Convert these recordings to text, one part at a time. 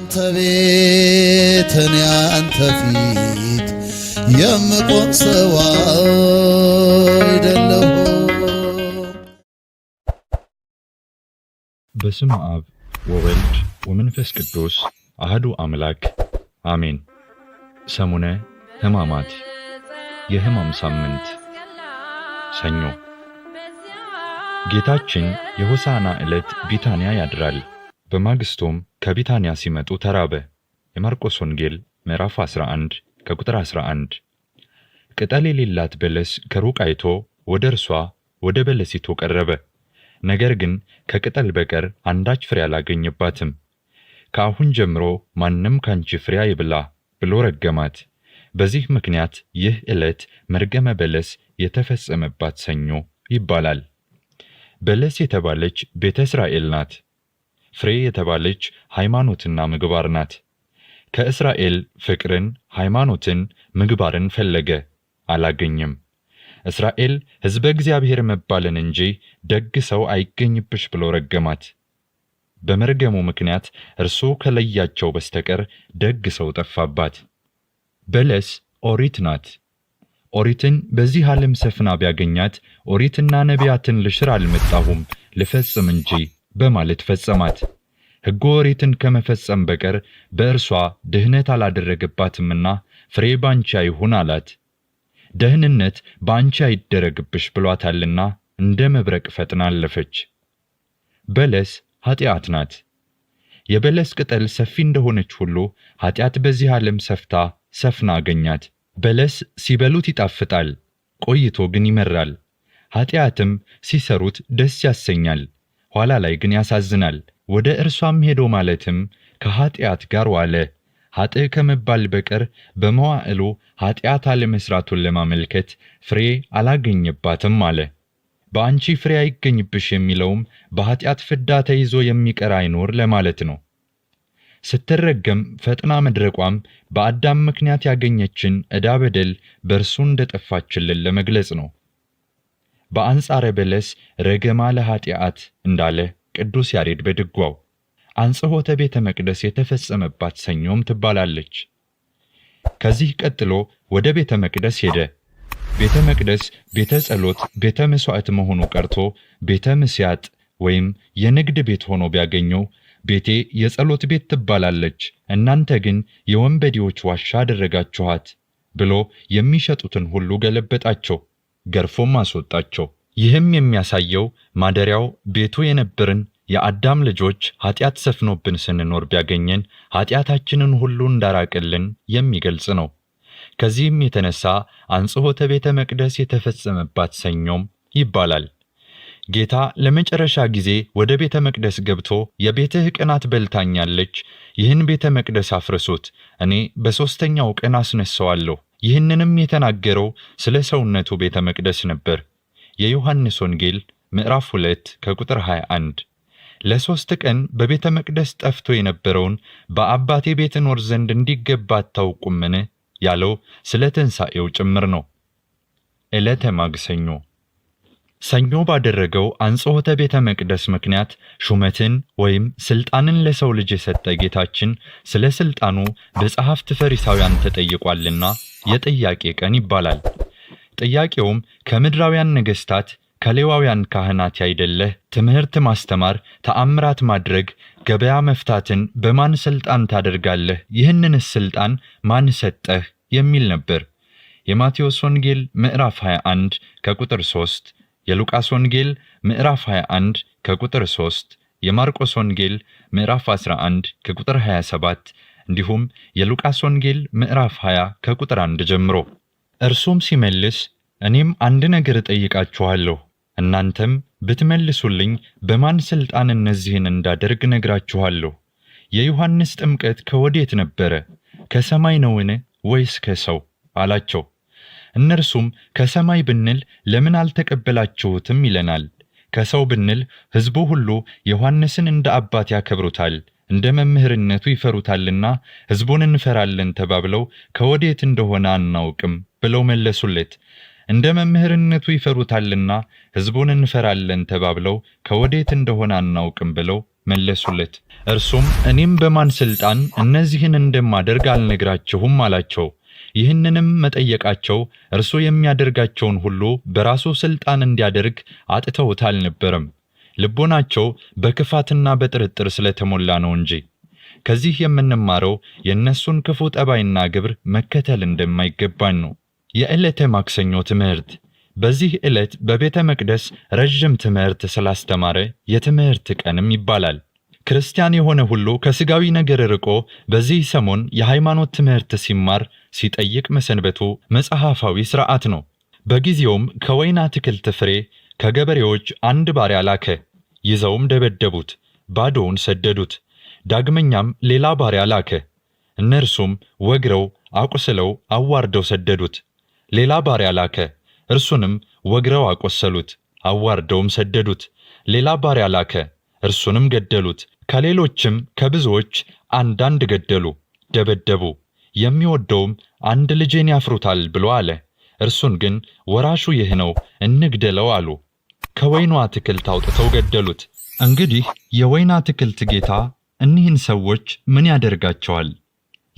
አንተ ቤት እኔ አንተ ፊት የምቆም ሰው አይደለሁ። በስም አብ ወወልድ ወመንፈስ ቅዱስ አህዱ አምላክ አሜን። ሰሙነ ሕማማት የሕማም ሳምንት ሰኞ ጌታችን የሆሳና ዕለት ቢታንያ ያድራል። በማግስቱም ከቢታንያ ሲመጡ ተራበ። የማርቆስ ወንጌል ምዕራፍ 11 ከቁጥር 11። ቅጠል የሌላት በለስ ከሩቅ አይቶ ወደ እርሷ ወደ በለሲቱ ቀረበ፣ ነገር ግን ከቅጠል በቀር አንዳች ፍሬ አላገኘባትም። ከአሁን ጀምሮ ማንም ካንቺ ፍሬ አይብላ ብሎ ረገማት። በዚህ ምክንያት ይህ ዕለት መርገመ በለስ የተፈጸመባት ሰኞ ይባላል። በለስ የተባለች ቤተ እስራኤል ናት። ፍሬ የተባለች ሃይማኖትና ምግባር ናት። ከእስራኤል ፍቅርን፣ ሃይማኖትን፣ ምግባርን ፈለገ አላገኘም። እስራኤል ሕዝበ እግዚአብሔር መባልን እንጂ ደግ ሰው አይገኝብሽ ብሎ ረገማት። በመርገሙ ምክንያት እርሱ ከለያቸው በስተቀር ደግ ሰው ጠፋባት። በለስ ኦሪት ናት። ኦሪትን በዚህ ዓለም ሰፍና ቢያገኛት ኦሪትና ነቢያትን ልሽር አልመጣሁም ልፈጽም እንጂ በማለት ፈጸማት። ሕገ ኦሪትን ከመፈጸም በቀር በእርሷ ድህነት አላደረገባትምና ፍሬ ባንቺ አይሁን አላት። ደህንነት በአንቺ አይደረግብሽ ብሏታልና እንደ መብረቅ ፈጥና አለፈች። በለስ ኃጢአት ናት። የበለስ ቅጠል ሰፊ እንደሆነች ሁሉ ኃጢአት በዚህ ዓለም ሰፍታ ሰፍና አገኛት። በለስ ሲበሉት ይጣፍጣል፣ ቆይቶ ግን ይመራል። ኃጢአትም ሲሰሩት ደስ ያሰኛል። ኋላ ላይ ግን ያሳዝናል። ወደ እርሷም ሄዶ ማለትም ከኃጢአት ጋር ዋለ። ኃጥእ ከመባል በቀር በመዋዕሉ ኃጢአት አለመሥራቱን ለማመልከት ፍሬ አላገኘባትም አለ። በአንቺ ፍሬ አይገኝብሽ የሚለውም በኃጢአት ፍዳ ተይዞ የሚቀር አይኖር ለማለት ነው። ስትረገም ፈጥና መድረቋም በአዳም ምክንያት ያገኘችን ዕዳ በደል በእርሱ እንደጠፋችልን ለመግለጽ ነው። በአንጻረ በለስ ረገማ ለኃጢአት እንዳለ ቅዱስ ያሬድ በድጓው አንጽሖተ ቤተ መቅደስ የተፈጸመባት ሰኞም ትባላለች። ከዚህ ቀጥሎ ወደ ቤተ መቅደስ ሄደ። ቤተ መቅደስ ቤተ ጸሎት፣ ቤተ መሥዋዕት መሆኑ ቀርቶ ቤተ ምስያጥ ወይም የንግድ ቤት ሆኖ ቢያገኘው ቤቴ የጸሎት ቤት ትባላለች፣ እናንተ ግን የወንበዴዎች ዋሻ አደረጋችኋት ብሎ የሚሸጡትን ሁሉ ገለበጣቸው። ገርፎም አስወጣቸው። ይህም የሚያሳየው ማደሪያው ቤቱ የነበርን የአዳም ልጆች ኃጢአት ሰፍኖብን ስንኖር ቢያገኘን ኃጢአታችንን ሁሉ እንዳራቅልን የሚገልጽ ነው። ከዚህም የተነሳ አንጽሖተ ቤተ መቅደስ የተፈጸመባት ሰኞም ይባላል። ጌታ ለመጨረሻ ጊዜ ወደ ቤተ መቅደስ ገብቶ የቤትህ ቅናት በልታኛለች፣ ይህን ቤተ መቅደስ አፍርሱት፣ እኔ በሦስተኛው ቀን አስነሣዋለሁ ይህንንም የተናገረው ስለ ሰውነቱ ቤተ መቅደስ ነበር። የዮሐንስ ወንጌል ምዕራፍ 2 ከቁጥር 21 ለሦስት ቀን በቤተ መቅደስ ጠፍቶ የነበረውን በአባቴ ቤት እኖር ዘንድ እንዲገባ አታውቁምን? ያለው ስለ ትንሣኤው ጭምር ነው። ዕለተ ማግሰኞ ሰኞ ባደረገው አንጽሖተ ቤተ መቅደስ ምክንያት ሹመትን ወይም ስልጣንን ለሰው ልጅ የሰጠ ጌታችን ስለ ስልጣኑ በጸሐፍት ፈሪሳውያን ተጠይቋልና የጥያቄ ቀን ይባላል። ጥያቄውም ከምድራውያን ነገሥታት ከሌዋውያን ካህናት ያይደለህ ትምህርት ማስተማር፣ ተአምራት ማድረግ፣ ገበያ መፍታትን በማን ስልጣን ታደርጋለህ? ይህንንስ ስልጣን ማን ሰጠህ? የሚል ነበር። የማቴዎስ ወንጌል ምዕራፍ 21 ከቁጥር 3 የሉቃስ ወንጌል ምዕራፍ 21 ከቁጥር 3 የማርቆስ ወንጌል ምዕራፍ 11 ከቁጥር 27 እንዲሁም የሉቃስ ወንጌል ምዕራፍ 20 ከቁጥር 1 ጀምሮ። እርሱም ሲመልስ እኔም አንድ ነገር እጠይቃችኋለሁ፣ እናንተም ብትመልሱልኝ በማን ሥልጣን እነዚህን እንዳደርግ ነግራችኋለሁ። የዮሐንስ ጥምቀት ከወዴት ነበረ? ከሰማይ ነውን ወይስ ከሰው? አላቸው። እነርሱም ከሰማይ ብንል ለምን አልተቀበላችሁትም ይለናል። ከሰው ብንል ሕዝቡ ሁሉ ዮሐንስን እንደ አባት ያከብሩታል፣ እንደ መምህርነቱ ይፈሩታልና ሕዝቡን እንፈራለን ተባብለው ከወዴት እንደሆነ አናውቅም ብለው መለሱለት። እንደ መምህርነቱ ይፈሩታልና ሕዝቡን እንፈራለን ተባብለው ከወዴት እንደሆነ አናውቅም ብለው መለሱለት። እርሱም እኔም በማን ሥልጣን እነዚህን እንደማደርግ አልነግራችሁም አላቸው። ይህንንም መጠየቃቸው እርሱ የሚያደርጋቸውን ሁሉ በራሱ ሥልጣን እንዲያደርግ አጥተውት አልነበረም። ልቦናቸው በክፋትና በጥርጥር ስለተሞላ ነው እንጂ። ከዚህ የምንማረው የእነሱን ክፉ ጠባይና ግብር መከተል እንደማይገባን ነው። የዕለተ ማክሰኞ ትምህርት በዚህ ዕለት በቤተ መቅደስ ረዥም ትምህርት ስላስተማረ የትምህርት ቀንም ይባላል። ክርስቲያን የሆነ ሁሉ ከሥጋዊ ነገር ርቆ በዚህ ሰሞን የሃይማኖት ትምህርት ሲማር ሲጠይቅ መሰንበቱ መጽሐፋዊ ሥርዓት ነው። በጊዜውም ከወይን አትክልት ፍሬ ከገበሬዎች አንድ ባሪያ ላከ። ይዘውም ደበደቡት፣ ባዶውን ሰደዱት። ዳግመኛም ሌላ ባሪያ ላከ። እነርሱም ወግረው አቁስለው አዋርደው ሰደዱት። ሌላ ባሪያ ላከ። እርሱንም ወግረው አቆሰሉት፣ አዋርደውም ሰደዱት። ሌላ ባሪያ ላከ። እርሱንም ገደሉት። ከሌሎችም ከብዙዎች አንዳንድ ገደሉ፣ ደበደቡ። የሚወደውም አንድ ልጄን ያፍሩታል ብሎ አለ። እርሱን ግን ወራሹ ይህ ነው እንግደለው አሉ። ከወይኑ አትክልት አውጥተው ገደሉት። እንግዲህ የወይን አትክልት ጌታ እኒህን ሰዎች ምን ያደርጋቸዋል?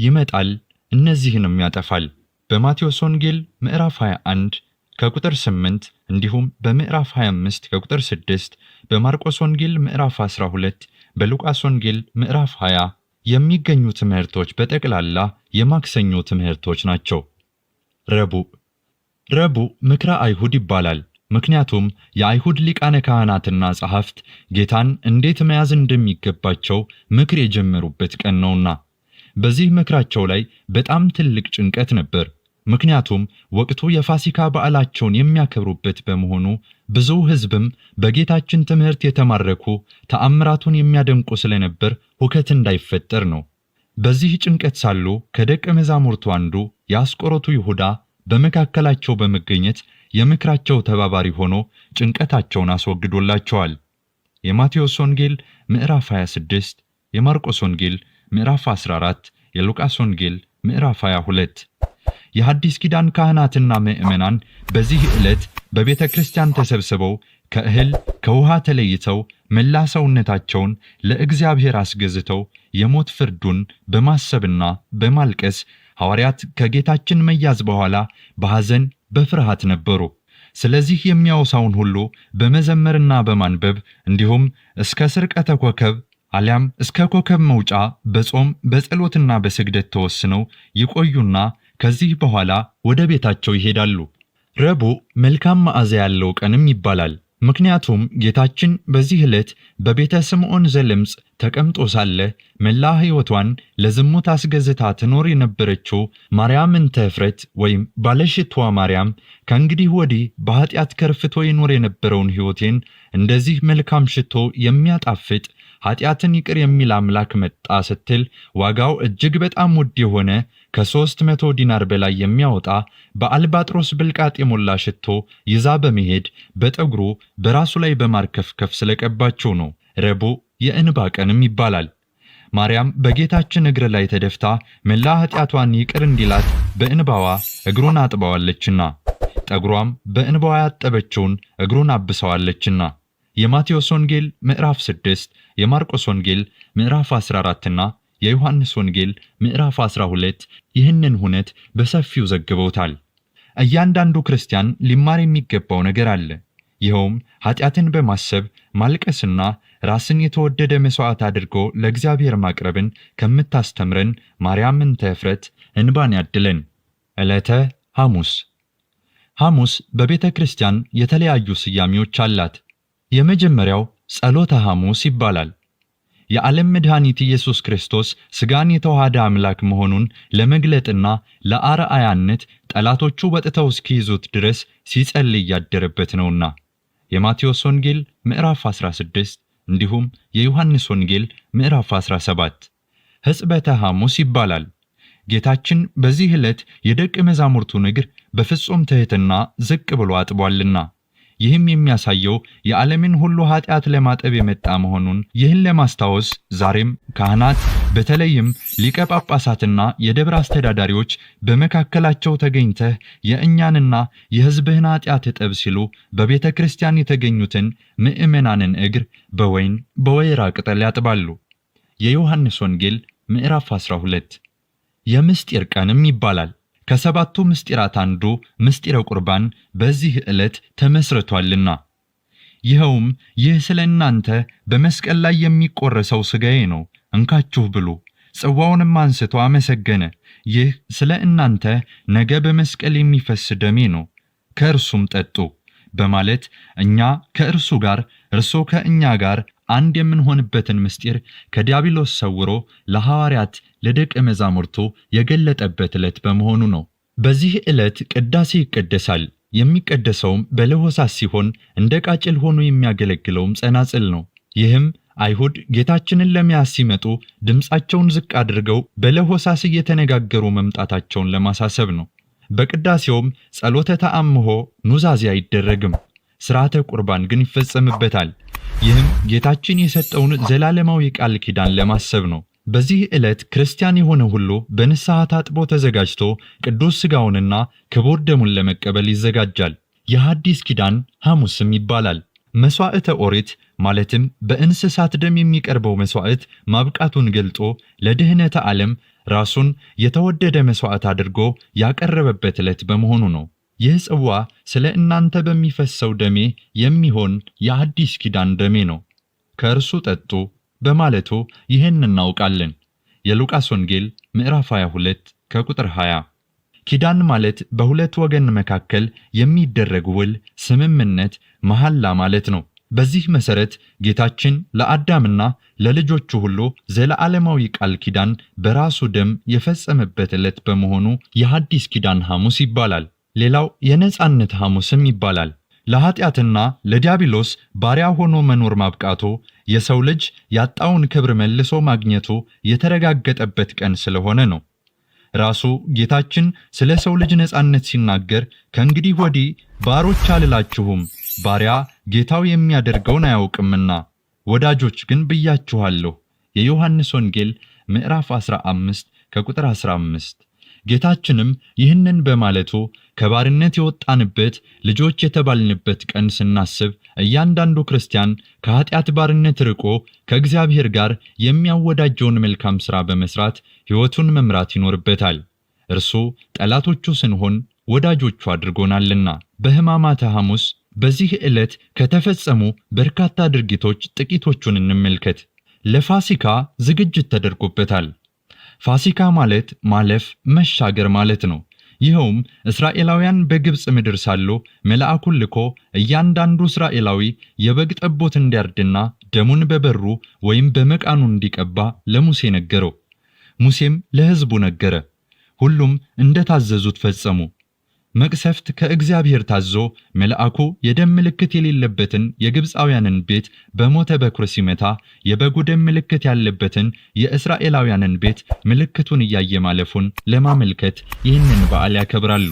ይመጣል እነዚህንም ያጠፋል። በማቴዎስ ወንጌል ምዕራፍ 21 ከቁጥር 8 እንዲሁም በምዕራፍ 25 ከቁጥር 6 በማርቆስ ወንጌል ምዕራፍ 12 በሉቃስ ወንጌል ምዕራፍ 20 የሚገኙ ትምህርቶች በጠቅላላ የማክሰኞ ትምህርቶች ናቸው። ረቡዕ ረቡዕ ምክረ አይሁድ ይባላል። ምክንያቱም የአይሁድ ሊቃነ ካህናትና ጸሐፍት ጌታን እንዴት መያዝ እንደሚገባቸው ምክር የጀመሩበት ቀን ነውና። በዚህ ምክራቸው ላይ በጣም ትልቅ ጭንቀት ነበር። ምክንያቱም ወቅቱ የፋሲካ በዓላቸውን የሚያከብሩበት በመሆኑ ብዙ ሕዝብም በጌታችን ትምህርት የተማረኩ ተአምራቱን የሚያደንቁ ስለነበር ሁከት እንዳይፈጠር ነው። በዚህ ጭንቀት ሳሉ ከደቀ መዛሙርቱ አንዱ የአስቆሮቱ ይሁዳ በመካከላቸው በመገኘት የምክራቸው ተባባሪ ሆኖ ጭንቀታቸውን አስወግዶላቸዋል። የማቴዎስ ወንጌል ምዕራፍ 26፣ የማርቆስ ወንጌል ምዕራፍ 14፣ የሉቃስ ወንጌል ምዕራፍ 22። የሐዲስ ኪዳን ካህናትና ምዕመናን በዚህ ዕለት በቤተ ክርስቲያን ተሰብስበው ከእህል ከውሃ ተለይተው መላ ሰውነታቸውን ለእግዚአብሔር አስገዝተው የሞት ፍርዱን በማሰብና በማልቀስ ሐዋርያት ከጌታችን መያዝ በኋላ በሐዘን በፍርሃት ነበሩ። ስለዚህ የሚያወሳውን ሁሉ በመዘመርና በማንበብ እንዲሁም እስከ ስርቀተ ኮከብ አሊያም እስከ ኮከብ መውጫ በጾም በጸሎትና በስግደት ተወስነው ይቆዩና ከዚህ በኋላ ወደ ቤታቸው ይሄዳሉ። ረቡዕ መልካም መዓዛ ያለው ቀንም ይባላል። ምክንያቱም ጌታችን በዚህ ዕለት በቤተ ስምዖን ዘለምጽ ተቀምጦ ሳለ መላ ሕይወቷን ለዝሙት አስገዝታ ትኖር የነበረችው ማርያም እንተ ወይም ባለሽቷ ማርያም ከእንግዲህ ወዲህ በኃጢአት ከርፍቶ ይኖር የነበረውን ሕይወቴን እንደዚህ መልካም ሽቶ የሚያጣፍጥ ኃጢአትን ይቅር የሚል አምላክ መጣ ስትል ዋጋው እጅግ በጣም ውድ የሆነ ከሶስት መቶ ዲናር በላይ የሚያወጣ በአልባጥሮስ ብልቃጥ የሞላ ሽቶ ይዛ በመሄድ በጠጉሩ በራሱ ላይ በማርከፍከፍ ስለቀባቸው ነው። ረቡዕ የእንባ ቀንም ይባላል። ማርያም በጌታችን እግር ላይ ተደፍታ መላ ኃጢአቷን ይቅር እንዲላት በእንባዋ እግሩን አጥባዋለችና ጠጉሯም በእንባዋ ያጠበችውን እግሩን አብሰዋለችና የማቴዎስ ወንጌል ምዕራፍ 6 የማርቆስ ወንጌል ምዕራፍ 14 እና የዮሐንስ ወንጌል ምዕራፍ 12 ይህንን ሁነት በሰፊው ዘግበውታል። እያንዳንዱ ክርስቲያን ሊማር የሚገባው ነገር አለ። ይኸውም ኃጢአትን በማሰብ ማልቀስና ራስን የተወደደ መሥዋዕት አድርጎ ለእግዚአብሔር ማቅረብን ከምታስተምረን ማርያም ተፍረት ዕፍረት እንባን ያድለን። ዕለተ ሐሙስ። ሐሙስ በቤተ ክርስቲያን የተለያዩ ስያሜዎች አላት። የመጀመሪያው ጸሎተ ሐሙስ ይባላል። የዓለም መድኃኒት ኢየሱስ ክርስቶስ ሥጋን የተዋሃደ አምላክ መሆኑን ለመግለጥና ለአርአያነት ጠላቶቹ ወጥተው እስኪይዙት ድረስ ሲጸልይ ያደረበት ነውና የማቴዎስ ወንጌል ምዕራፍ 16 እንዲሁም የዮሐንስ ወንጌል ምዕራፍ 17 ሕጽበተ ሐሙስ ይባላል። ጌታችን በዚህ ዕለት የደቀ መዛሙርቱን እግር በፍጹም ትሕትና ዝቅ ብሎ አጥቧልና ይህም የሚያሳየው የዓለምን ሁሉ ኃጢአት ለማጠብ የመጣ መሆኑን። ይህን ለማስታወስ ዛሬም ካህናት በተለይም ሊቀ ጳጳሳትና የደብረ አስተዳዳሪዎች በመካከላቸው ተገኝተህ የእኛንና የሕዝብህን ኃጢአት እጠብ ሲሉ በቤተ ክርስቲያን የተገኙትን ምዕመናንን እግር በወይን በወይራ ቅጠል ያጥባሉ። የዮሐንስ ወንጌል ምዕራፍ 12 የምስጢር ቀንም ይባላል። ከሰባቱ ምስጢራት አንዱ ምስጢረ ቁርባን በዚህ ዕለት ተመስርቷልና ይኸውም ይህ ስለ እናንተ በመስቀል ላይ የሚቆረሰው ሥጋዬ ነው፣ እንካችሁ ብሉ። ጽዋውንም አንስቶ አመሰገነ። ይህ ስለ እናንተ ነገ በመስቀል የሚፈስ ደሜ ነው፣ ከእርሱም ጠጡ በማለት እኛ ከእርሱ ጋር እርሱ ከእኛ ጋር አንድ የምንሆንበትን ምስጢር ከዲያብሎስ ሰውሮ ለሐዋርያት ለደቀ መዛሙርቱ የገለጠበት ዕለት በመሆኑ ነው። በዚህ ዕለት ቅዳሴ ይቀደሳል። የሚቀደሰውም በለሆሳስ ሲሆን እንደ ቃጭል ሆኖ የሚያገለግለውም ጸናጽል ነው። ይህም አይሁድ ጌታችንን ለመያዝ ሲመጡ ድምፃቸውን ዝቅ አድርገው በለሆሳስ እየተነጋገሩ መምጣታቸውን ለማሳሰብ ነው። በቅዳሴውም ጸሎተ ተአምሆ ኑዛዜ አይደረግም። ሥርዓተ ቁርባን ግን ይፈጸምበታል። ይህም ጌታችን የሰጠውን ዘላለማዊ ቃል ኪዳን ለማሰብ ነው። በዚህ ዕለት ክርስቲያን የሆነ ሁሉ በንስሐ ታጥቦ ተዘጋጅቶ ቅዱስ ሥጋውንና ክቡር ደሙን ለመቀበል ይዘጋጃል። የሐዲስ ኪዳን ሐሙስም ይባላል። መሥዋዕተ ኦሪት ማለትም በእንስሳት ደም የሚቀርበው መሥዋዕት ማብቃቱን ገልጦ ለድኅነተ ዓለም ራሱን የተወደደ መሥዋዕት አድርጎ ያቀረበበት ዕለት በመሆኑ ነው። ይህ ጽዋ ስለ እናንተ በሚፈሰው ደሜ የሚሆን የአዲስ ኪዳን ደሜ ነው፣ ከእርሱ ጠጡ በማለቱ ይህን እናውቃለን። የሉቃስ ወንጌል ምዕራፍ 22 ከቁጥር 20። ኪዳን ማለት በሁለት ወገን መካከል የሚደረግ ውል፣ ስምምነት፣ መሐላ ማለት ነው። በዚህ መሰረት ጌታችን ለአዳምና ለልጆቹ ሁሉ ዘለዓለማዊ ቃል ኪዳን በራሱ ደም የፈጸመበት ዕለት በመሆኑ የሐዲስ ኪዳን ሐሙስ ይባላል። ሌላው የነጻነት ሐሙስም ይባላል። ለኃጢአትና ለዲያብሎስ ባሪያ ሆኖ መኖር ማብቃቱ የሰው ልጅ ያጣውን ክብር መልሶ ማግኘቱ የተረጋገጠበት ቀን ስለሆነ ነው። ራሱ ጌታችን ስለ ሰው ልጅ ነጻነት ሲናገር ከእንግዲህ ወዲህ ባሮች አልላችሁም፣ ባሪያ ጌታው የሚያደርገውን አያውቅምና፣ ወዳጆች ግን ብያችኋለሁ። የዮሐንስ ወንጌል ምዕራፍ 15 ከቁጥር 15። ጌታችንም ይህንን በማለቱ ከባርነት የወጣንበት ልጆች የተባልንበት ቀን ስናስብ እያንዳንዱ ክርስቲያን ከኃጢአት ባርነት ርቆ ከእግዚአብሔር ጋር የሚያወዳጀውን መልካም ሥራ በመሥራት ሕይወቱን መምራት ይኖርበታል። እርሱ ጠላቶቹ ስንሆን ወዳጆቹ አድርጎናልና። በሕማማተ ሐሙስ በዚህ ዕለት ከተፈጸሙ በርካታ ድርጊቶች ጥቂቶቹን እንመልከት። ለፋሲካ ዝግጅት ተደርጎበታል። ፋሲካ ማለት ማለፍ፣ መሻገር ማለት ነው። ይኸውም እስራኤላውያን በግብፅ ምድር ሳሉ መልአኩን ልኮ እያንዳንዱ እስራኤላዊ የበግ ጠቦት እንዲያርድና ደሙን በበሩ ወይም በመቃኑ እንዲቀባ ለሙሴ ነገረው። ሙሴም ለሕዝቡ ነገረ። ሁሉም እንደታዘዙት ፈጸሙ። መቅሰፍት ከእግዚአብሔር ታዞ መልአኩ የደም ምልክት የሌለበትን የግብፃውያንን ቤት በሞተ በኩር ሲመታ የበጉ ደም ምልክት ያለበትን የእስራኤላውያንን ቤት ምልክቱን እያየ ማለፉን ለማመልከት ይህንን በዓል ያከብራሉ።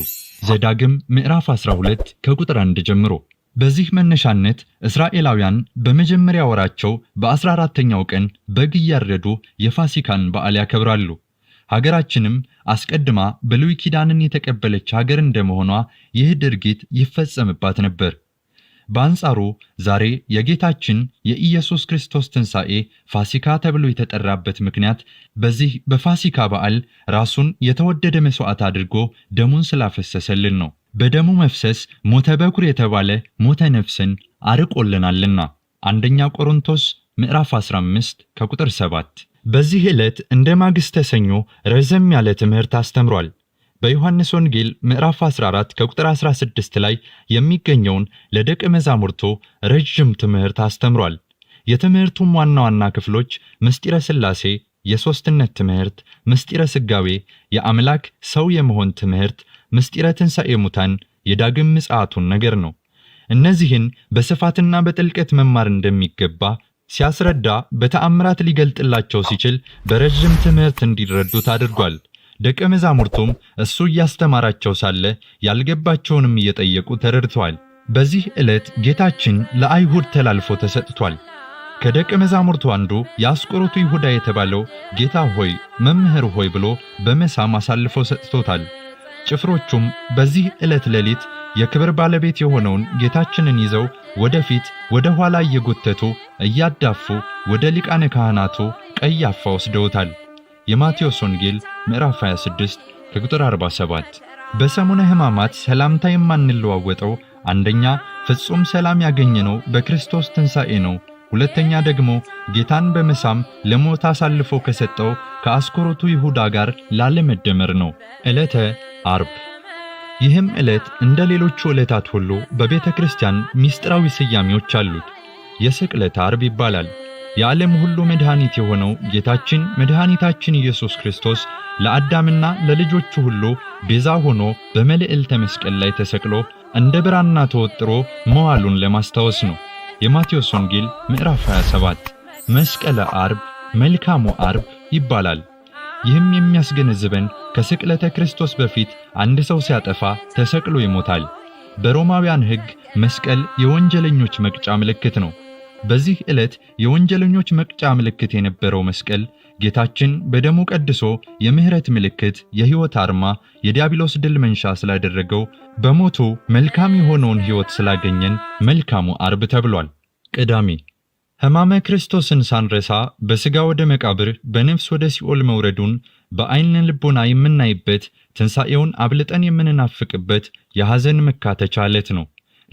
ዘዳግም ምዕራፍ 12 ከቁጥር 1 ጀምሮ። በዚህ መነሻነት እስራኤላውያን በመጀመሪያ ወራቸው በ14ተኛው ቀን በግ እያረዱ የፋሲካን በዓል ያከብራሉ። ሀገራችንም አስቀድማ ብሉይ ኪዳንን የተቀበለች ሀገር እንደመሆኗ ይህ ድርጊት ይፈጸምባት ነበር። በአንጻሩ ዛሬ የጌታችን የኢየሱስ ክርስቶስ ትንሣኤ ፋሲካ ተብሎ የተጠራበት ምክንያት በዚህ በፋሲካ በዓል ራሱን የተወደደ መሥዋዕት አድርጎ ደሙን ስላፈሰሰልን ነው። በደሙ መፍሰስ ሞተ በኩር የተባለ ሞተ ነፍስን አርቆልናልና አንደኛ ቆሮንቶስ ምዕራፍ 15 ከቁጥር 7። በዚህ ዕለት እንደ ማግስተ ሰኞ ረዘም ያለ ትምህርት አስተምሯል። በዮሐንስ ወንጌል ምዕራፍ 14 ከቁጥር 16 ላይ የሚገኘውን ለደቀ መዛሙርቱ ረጅም ትምህርት አስተምሯል። የትምህርቱም ዋና ዋና ክፍሎች ምስጢረ ሥላሴ፣ የሦስትነት ትምህርት፣ ምስጢረ ሥጋዌ፣ የአምላክ ሰው የመሆን ትምህርት፣ ምስጢረ ትንሣኤ ሙታን፣ የዳግም ምጽአቱን ነገር ነው። እነዚህን በስፋትና በጥልቀት መማር እንደሚገባ ሲያስረዳ በተአምራት ሊገልጥላቸው ሲችል በረዥም ትምህርት እንዲረዱት አድርጓል። ደቀ መዛሙርቱም እሱ እያስተማራቸው ሳለ ያልገባቸውንም እየጠየቁ ተረድተዋል። በዚህ ዕለት ጌታችን ለአይሁድ ተላልፎ ተሰጥቷል። ከደቀ መዛሙርቱ አንዱ የአስቆሮቱ ይሁዳ የተባለው ጌታ ሆይ መምህር ሆይ ብሎ በመሳም አሳልፎ ሰጥቶታል። ጭፍሮቹም በዚህ ዕለት ሌሊት የክብር ባለቤት የሆነውን ጌታችንን ይዘው ወደፊት ወደ ኋላ እየጎተቱ እያዳፉ ወደ ሊቃነ ካህናቱ ቀያፋ ወስደውታል። የማቴዎስ ወንጌል ምዕራፍ 26 ከቁጥር 47። በሰሙነ ሕማማት ሰላምታ የማንለዋወጠው አንደኛ ፍጹም ሰላም ያገኘነው በክርስቶስ ትንሣኤ ነው። ሁለተኛ ደግሞ ጌታን በመሳም ለሞት አሳልፎ ከሰጠው ከአስኮሮቱ ይሁዳ ጋር ላለመደመር ነው። ዕለተ አርብ። ይህም ዕለት እንደ ሌሎቹ ዕለታት ሁሉ በቤተ ክርስቲያን ምስጢራዊ ስያሜዎች አሉት። የስቅለት ዓርብ ይባላል። የዓለም ሁሉ መድኃኒት የሆነው ጌታችን መድኃኒታችን ኢየሱስ ክርስቶስ ለአዳምና ለልጆቹ ሁሉ ቤዛ ሆኖ በመልዕልተ መስቀል ላይ ተሰቅሎ እንደ ብራና ተወጥሮ መዋሉን ለማስታወስ ነው። የማቴዎስ ወንጌል ምዕራፍ 27 መስቀለ ዓርብ መልካሙ ዓርብ ይባላል። ይህም የሚያስገነዝበን ከስቅለተ ክርስቶስ በፊት አንድ ሰው ሲያጠፋ ተሰቅሎ ይሞታል። በሮማውያን ሕግ መስቀል የወንጀለኞች መቅጫ ምልክት ነው። በዚህ ዕለት የወንጀለኞች መቅጫ ምልክት የነበረው መስቀል ጌታችን በደሙ ቀድሶ የምህረት ምልክት፣ የሕይወት አርማ፣ የዲያብሎስ ድል መንሻ ስላደረገው በሞቱ መልካም የሆነውን ሕይወት ስላገኘን መልካሙ አርብ ተብሏል። ቅዳሜ ሕማመ ክርስቶስን ሳንረሳ በሥጋ ወደ መቃብር በነፍስ ወደ ሲኦል መውረዱን በዓይነ ልቦና የምናይበት ትንሣኤውን አብልጠን የምንናፍቅበት የሐዘን መካተቻ ዕለት ነው።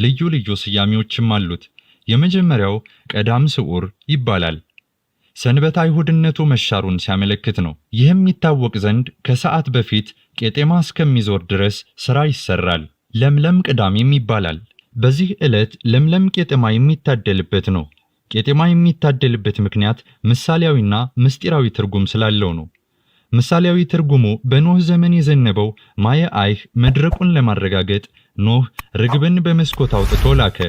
ልዩ ልዩ ስያሜዎችም አሉት። የመጀመሪያው ቀዳም ስዑር ይባላል። ሰንበት አይሁድነቱ መሻሩን ሲያመለክት ነው። ይህም ይታወቅ ዘንድ ከሰዓት በፊት ቄጤማ እስከሚዞር ድረስ ሥራ ይሰራል። ለምለም ቅዳሜም ይባላል። በዚህ ዕለት ለምለም ቄጤማ የሚታደልበት ነው። ቄጤማ የሚታደልበት ምክንያት ምሳሌያዊና ምስጢራዊ ትርጉም ስላለው ነው። ምሳሌያዊ ትርጉሙ በኖህ ዘመን የዘነበው ማየ አይህ መድረቁን ለማረጋገጥ ኖህ ርግብን በመስኮት አውጥቶ ላከ።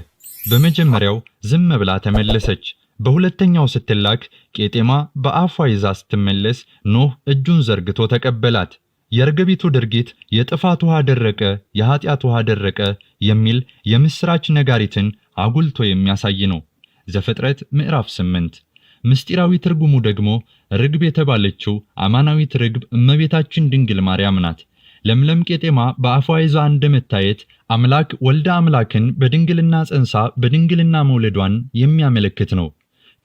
በመጀመሪያው ዝም ብላ ተመለሰች። በሁለተኛው ስትላክ ቄጤማ በአፏ ይዛ ስትመለስ ኖህ እጁን ዘርግቶ ተቀበላት። የእርግቢቱ ድርጊት የጥፋት ውሃ ደረቀ፣ የኃጢአት ውሃ ደረቀ የሚል የምሥራች ነጋሪትን አጉልቶ የሚያሳይ ነው። ዘፍጥረት ምዕራፍ 8 ምስጢራዊ ትርጉሙ ደግሞ ርግብ የተባለችው አማናዊት ርግብ እመቤታችን ድንግል ማርያም ናት። ለምለም ቄጤማ በአፏ ይዛ እንደመታየት አምላክ ወልደ አምላክን በድንግልና ጸንሳ በድንግልና መውለዷን የሚያመለክት ነው።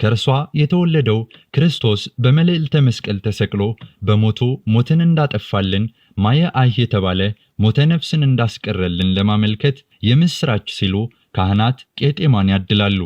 ከእርሷ የተወለደው ክርስቶስ በመልዕልተ መስቀል ተሰቅሎ በሞቱ ሞትን እንዳጠፋልን ማየ አይህ የተባለ ሞተ ነፍስን እንዳስቀረልን ለማመልከት የምስራች ሲሉ ካህናት ቄጤማን ያድላሉ።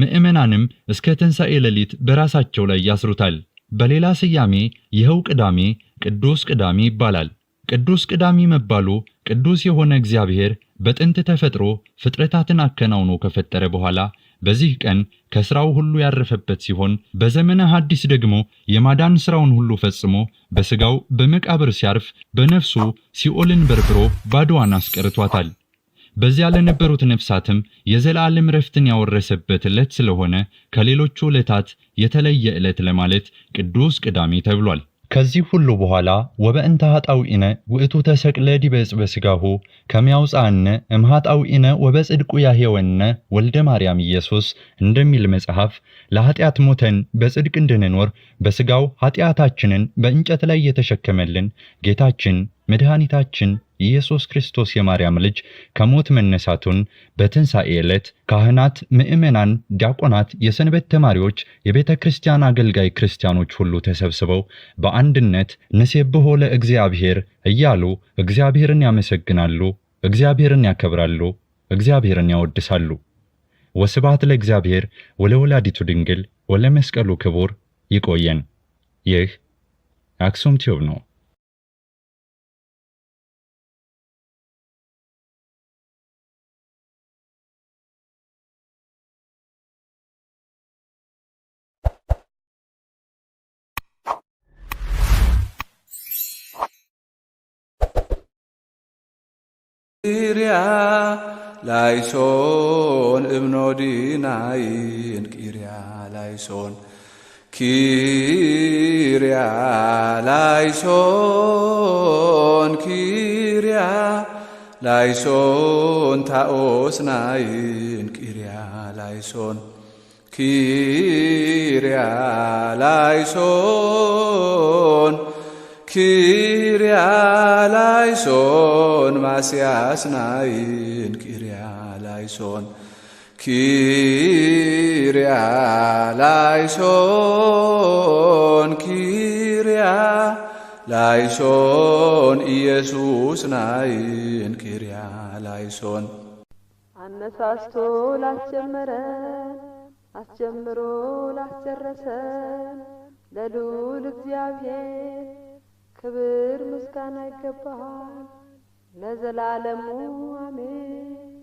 ምእመናንም እስከ ትንሣኤ ሌሊት በራሳቸው ላይ ያስሩታል። በሌላ ስያሜ ይኸው ቅዳሜ ቅዱስ ቅዳሜ ይባላል። ቅዱስ ቅዳሜ መባሉ ቅዱስ የሆነ እግዚአብሔር በጥንት ተፈጥሮ ፍጥረታትን አከናውኖ ከፈጠረ በኋላ በዚህ ቀን ከስራው ሁሉ ያረፈበት ሲሆን በዘመነ ሐዲስ ደግሞ የማዳን ስራውን ሁሉ ፈጽሞ በስጋው በመቃብር ሲያርፍ በነፍሱ ሲኦልን በርብሮ ባዶዋን አስቀርቷታል። በዚያ ለነበሩት ነፍሳትም የዘላለም ረፍትን ያወረሰበት ዕለት ስለሆነ ከሌሎቹ ዕለታት የተለየ ዕለት ለማለት ቅዱስ ቅዳሜ ተብሏል። ከዚህ ሁሉ በኋላ ወበእንተ ኀጣውኢነ ውእቱ ተሰቅለ ዲበጽ በስጋሁ ከሚያውፃነ እምኀጣውኢነ ወበጽድቁ ያህየወነ ወልደ ማርያም ኢየሱስ እንደሚል መጽሐፍ ለኀጢአት ሞተን በጽድቅ እንድንኖር በስጋው ኀጢአታችንን በእንጨት ላይ የተሸከመልን ጌታችን መድኃኒታችን ኢየሱስ ክርስቶስ የማርያም ልጅ ከሞት መነሳቱን በትንሣኤ ዕለት ካህናት፣ ምዕመናን፣ ዲያቆናት፣ የሰንበት ተማሪዎች፣ የቤተ ክርስቲያን አገልጋይ ክርስቲያኖች ሁሉ ተሰብስበው በአንድነት ንሴብሖ ለእግዚአብሔር እያሉ እግዚአብሔርን ያመሰግናሉ፣ እግዚአብሔርን ያከብራሉ፣ እግዚአብሔርን ያወድሳሉ። ወስብሐት ለእግዚአብሔር ወለወላዲቱ ድንግል ወለመስቀሉ ክቡር። ይቆየን። ይህ አክሱም ቲዩብ ነው። ቂርያ ላይሶን እብኖዲናይን ቂርያ ላይሶን ኪርያ ላይሶን ኪርያ ላይሶን ታኦስናይን ቂርያ ላይሶን ኪርያ ላይሶን ኪሪያ ላይሶን ማስያስናይን ኪሪያ ላይሶን ኪሪያ ላይሶን ኢየሱስ ናይን ኪሪያ ላይሶን አነሳስቶ ላስጀመረን አስጀምሮ ላስጨረሰን ለልዑል እግዚአብሔር ክብር ምስጋና ይገባሃል ለዘላለሙ አሜን።